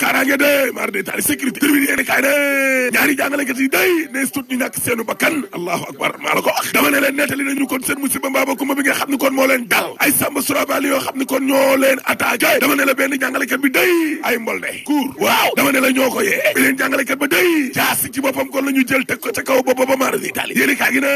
kaaraange de mar de taali sécurité tribune yéene kaay de ñaari jàngalekat yi day nees tut ñu ñàkk seenu bakkan allahu akbar maa la ko dama ne leen nañu kon seen musiba mbaaba kuma bi nga xam ne kon moo leen dal ay samba surabali yoo xam ne kon ñoo la benn jàngalekat bi day ay mbol de kuur waaw dama ne la ñoo ko yee bi leen jàngalekat ba day jël teg ko ca kaw boppa ba mar de taali yéene kaay gi ne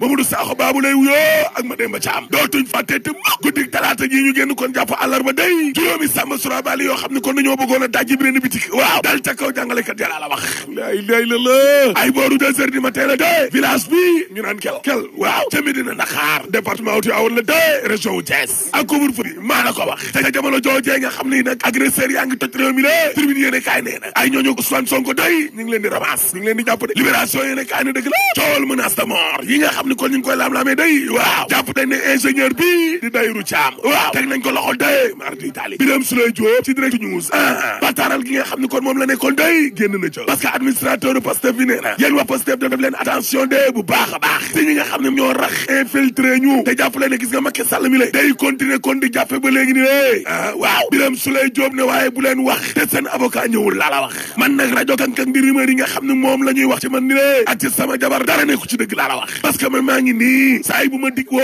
Mamadou Sakho baabu lay wuyoo ak ma demba caam dootuñ fàtte te guddi talaata ji ñu génn kon jàpp àllarba day juróomi samba surabali yoo xam a taaji bi ne bitik waaw dal ca kaw jàngalekat yàlla la wax laa ilaaha illallaah ay booru deux heures du matin la de village bi ñu naan kel kel waaw ca Medina Dakar département wuti awoon la de région wu Thiès ak couvre-feu bi maa la ko wax te ca jamono joojee nga xam ni nag agresseur yaa ngi toj réew mi la tribune yéene kaay nee na ay ñooñu Ousmane Sonko doy ñu ngi leen di ramas ñu ngi leen di jàpp de libération yéene kaay ne dëgg la coowal menace de mort yi nga xam kon ñu koy laam-laamee day waaw jàpp dañ ne ingénieur eh, bi di Dayru Thiam waaw teg nañ ko loxo day mardi tali Birame Souleye Diop ci direct news ah, ah. taaral gi nga xam ne kon moom la nekkoon day génn na ca parce que administrateur Pastef bi nee na yéen waa Pastef def leen attention de bu baax baax te ñi nga xam ne ñoo rax infiltré ñu te jàppale ne gis nga Macky Sall mi la day continuer kon di jàppe ba léegi ni lée ah waaw Birame Souleye Diop ne waaye bu leen wax te seen avocat ñëwul laa la wax man nag rajo kankan di rumeur yi nga xam ne moom la ñuy wax ci man ni lée ak sama jabar dara nekku ci dëgg laa la wax parce que man maa ngi nii saa yi bu ma dikk woo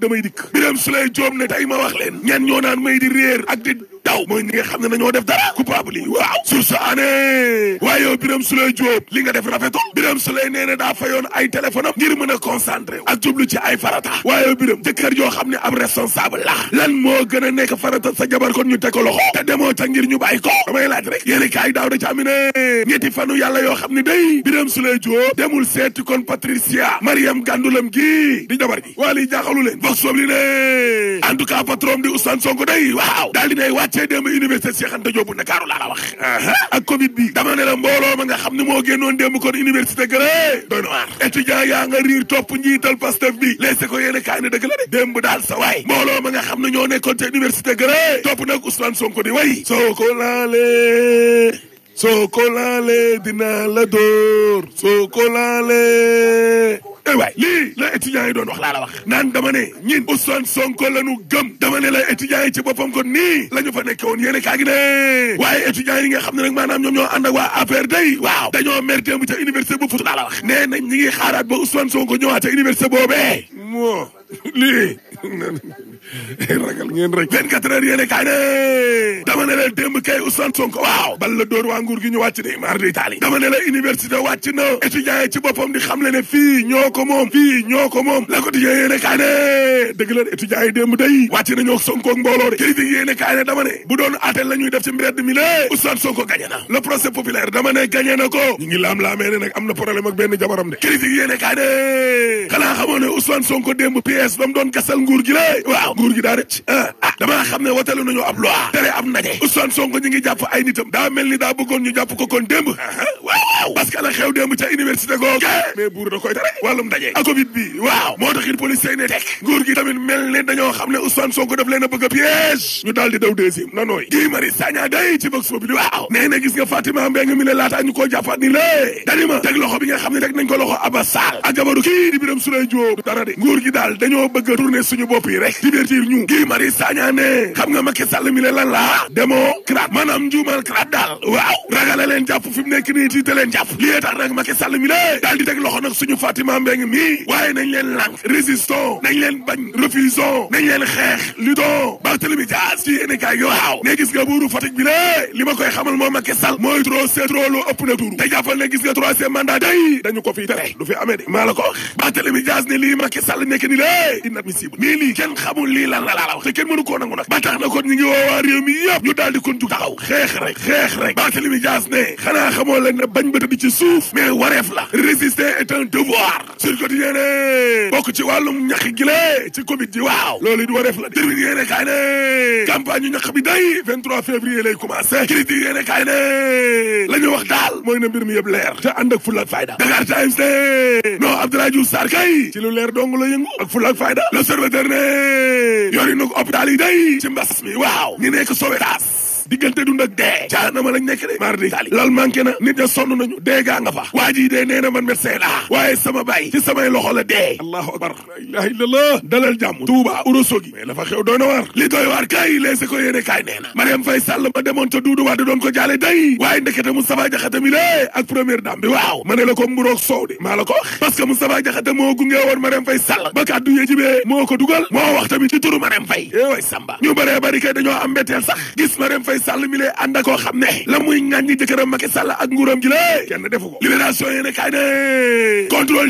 damay dikk Birame Souleye Diop ne tey ma wax leen ñan ñoo naan may di réer ak di daw mooy ñi xam ne dañoo def dara coupable yi waaw sur ce année waaye yow Birame Souleye Diop li nga def rafetul Birame Souleye nee na daa yoon ay téléphone am ngir mën a concentré ak jublu ci ay farata waaye yow Birame jëkkër joo xam ne ab responsable la lan moo gën a nekk farata sa jabar kon ñu teg ko loxo te demoo ca ngir ñu bàyyi ko damay laaj rek yéen kaay daaw da ci amine ñetti fanu yàlla yoo xam ne day Birame Souleye Diop demul seeti kon Patricia Mariam Gandulam gi di jabar gi waa lii jaaxalu leen vox sob li ne grand patron di Ousmane Sonko day waaw daal di nay wàccee démb université Cheikh Anta Diop bu Ndakaaru laa la wax uh-huh. ak Covid bi dama ne a mbooloo ma nga xam ne moo génnoon démb kon université gëré doy na yaa nga riir topp njiital Pastef bi leese ko yéene kaay ne dëgg daal sa waay mbooloo ma nga xam ne ñoo nekkoon te université gëré topp nag Ousmane Sonko di way soo ko laalee soo dinaa la dóor soo ko eh waay lii la étudiants yi doon wax laa la wax naan damane ne ñin Ousmane Sonko la ñu gëm dama ne la étudiants yi ci boppam ko nii la ñu fa nekke woon yéene kaa gi ne waaye étudiants yi nga xam ne nag maanaam ñoom ñoo ànd ak waa APR day waaw dañoo mer démb ca université bu Fuuta laa la wax nee nañ ñi ngi xaaraat ba Ousmane Sonko ñëwaat ca université boobee moo lii ragal ngeen rek 24 heures yéene kaay ne dama ne leen démb kay Ousmane waaw bal la dóor waa nguur gi ñu wàcc de mar d' Italie dama la université wàcc na étudiants yi ci boppam di xam ne fii ñoo ko moom fii ñoo ko moom la ko tijee yéene kaay ne dëgg la étudiants yi démb day wàcc nañoo mbooloo de critique yéene kaay ne bu doon atel la ñuy def ci mbedd mi ne Ousmane Sonko gagné na le procès populaire dama ne ko ñu ngi laam-laamee nag am na problème benn jabaram de critique yéene xamoon ne Ousmane Sonko démb PS ba mu doon gasal nguur gi lay waaw nguur gi daa rëcc ah, ah, xam ne watalu nañu ab loi tere am ndaje Ousmane Sonko ñu ngi jàpp ay nitam daa mel ni daa bëggoon ñu jàpp ko kon démb ah, waaw parce que la xew démb ca université googu mais buur da koy tere wàllum daje ak bi waaw moo tax police yi ne tek nguur gi tamit mel ne dañoo Ousmane Sonko daf leen bëgg piège ñu daal daw deuxième na nooy Guy Marius Sagna day ci bi waaw gis nga Fatima mi ñu ni dani ma loxo bi nga nañ ko loxo ak jabaru di Birame Souleye Diop dara de nguur gi daal bëgg tourner suñu yi rek divertir ñu Guy Marius Sagna ne xam nga Macky Sall mi ne lan la démocrate maanaam waaw leen jàpp lii tax nag Macky Sall mi la daal di teg loxo nag suñu Fatima Mbengue mi waaye nañ leen lànk résistons nañ leen bañ refusons nañ leen xeex luttons Barthélémy Dias ci yéene kaay gi waaw ne gis nga buuru Fatick bi la li ma koy xamal moom Macky Sall mooy trop c'est trop lu ëpp na tuuru te jàppal ne gis nga day dañu ko fii tere du fi amee de maa la ko wax Barthélémy Dias ne lii Macky ni la inadmissible mais lii kenn xamul lii lan la la wax te kenn mënu koo tëdd ci suuf ma wareef la résister est un devoir sur quotidien ne bokk ci wàllum ñaq gi lee ci covid ji waaw loolu it wareef la dérmines yéene kaay ne campagne yu ñaq bi day 23 février lay commencé critique yéene la ñu wax daal mooy na mbir mi yëpp leer te ànd ak fulla ak fayda Dakar Times ne non Abdoulaye Diouf Sarr kay ci lu leer dong la yëngu ak fulla ak fayda l'observateur ne yori nag hôpital yi day ci mbas mi waaw ñi nekk Sowétas gis diggante dund ak dee caanama lañ nekk de mardi lal manqué na nit ña sonn nañu dee gaa nga fa waa ji dee nee na man médecin laa waaye sama baay ci samay loxo la dee allahu akbar la ilaha illallah dalal jàmm tuuba urosogi mais la fa xew doy na li doy waar kay leese ko yéene kaay nee na Mariam Faye Sall ma demoon ca Doudou Wade doon ko jaale day waaye ndekete Moustapha Diakhaté mi de ak première dame bi waaw ma ne la ko mburoog soow de maa la ko wax Fay Sall mi lay la muy ŋàññi jëkkëram Macky Sall ak nguuram gi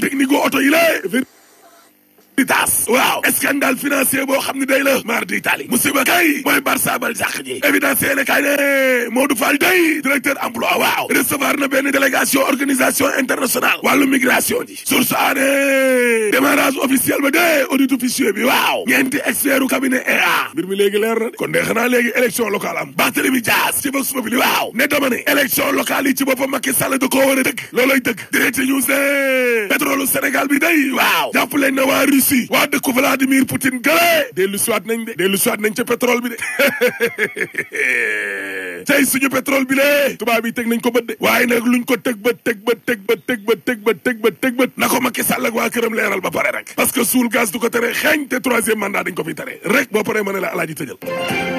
technique gu oto yi la di taas waaw scandale financier boo xam ne day la mar di tali musiba kay mooy barça bal jàq ji évidence yéene kay ne Modou Fall day directeur emploi waaw recevoir na benn délégation organisation internationale wàllu migration ji source ané démarrage officiel ba dee audit officieux bi waaw ñeenti expertu cabinet EA mbir mi léegi leer na kon de xanaa léegi élection locale am Barthélémy Dias ci Vox Populi waaw ne dama ne élection ci boppam Macky Sall da a Russie waa dëkku Vladimir Poutine gëlee dellu siwaat nañ de dellu siwaat nañ ca pétrole bi de tey suñu pétrole bi lee tubaab yi teg nañ ko bët de waaye nag luñ ko teg bët teg bët teg bët teg bët teg bët teg bët teg bët na ko Macky Sall ak waa këram leeral ba pare rek parce que suul gaz du ko tere xeeñ te troisième mandat dañ ko fi tere rek boo paree mën a la alaaji tëjal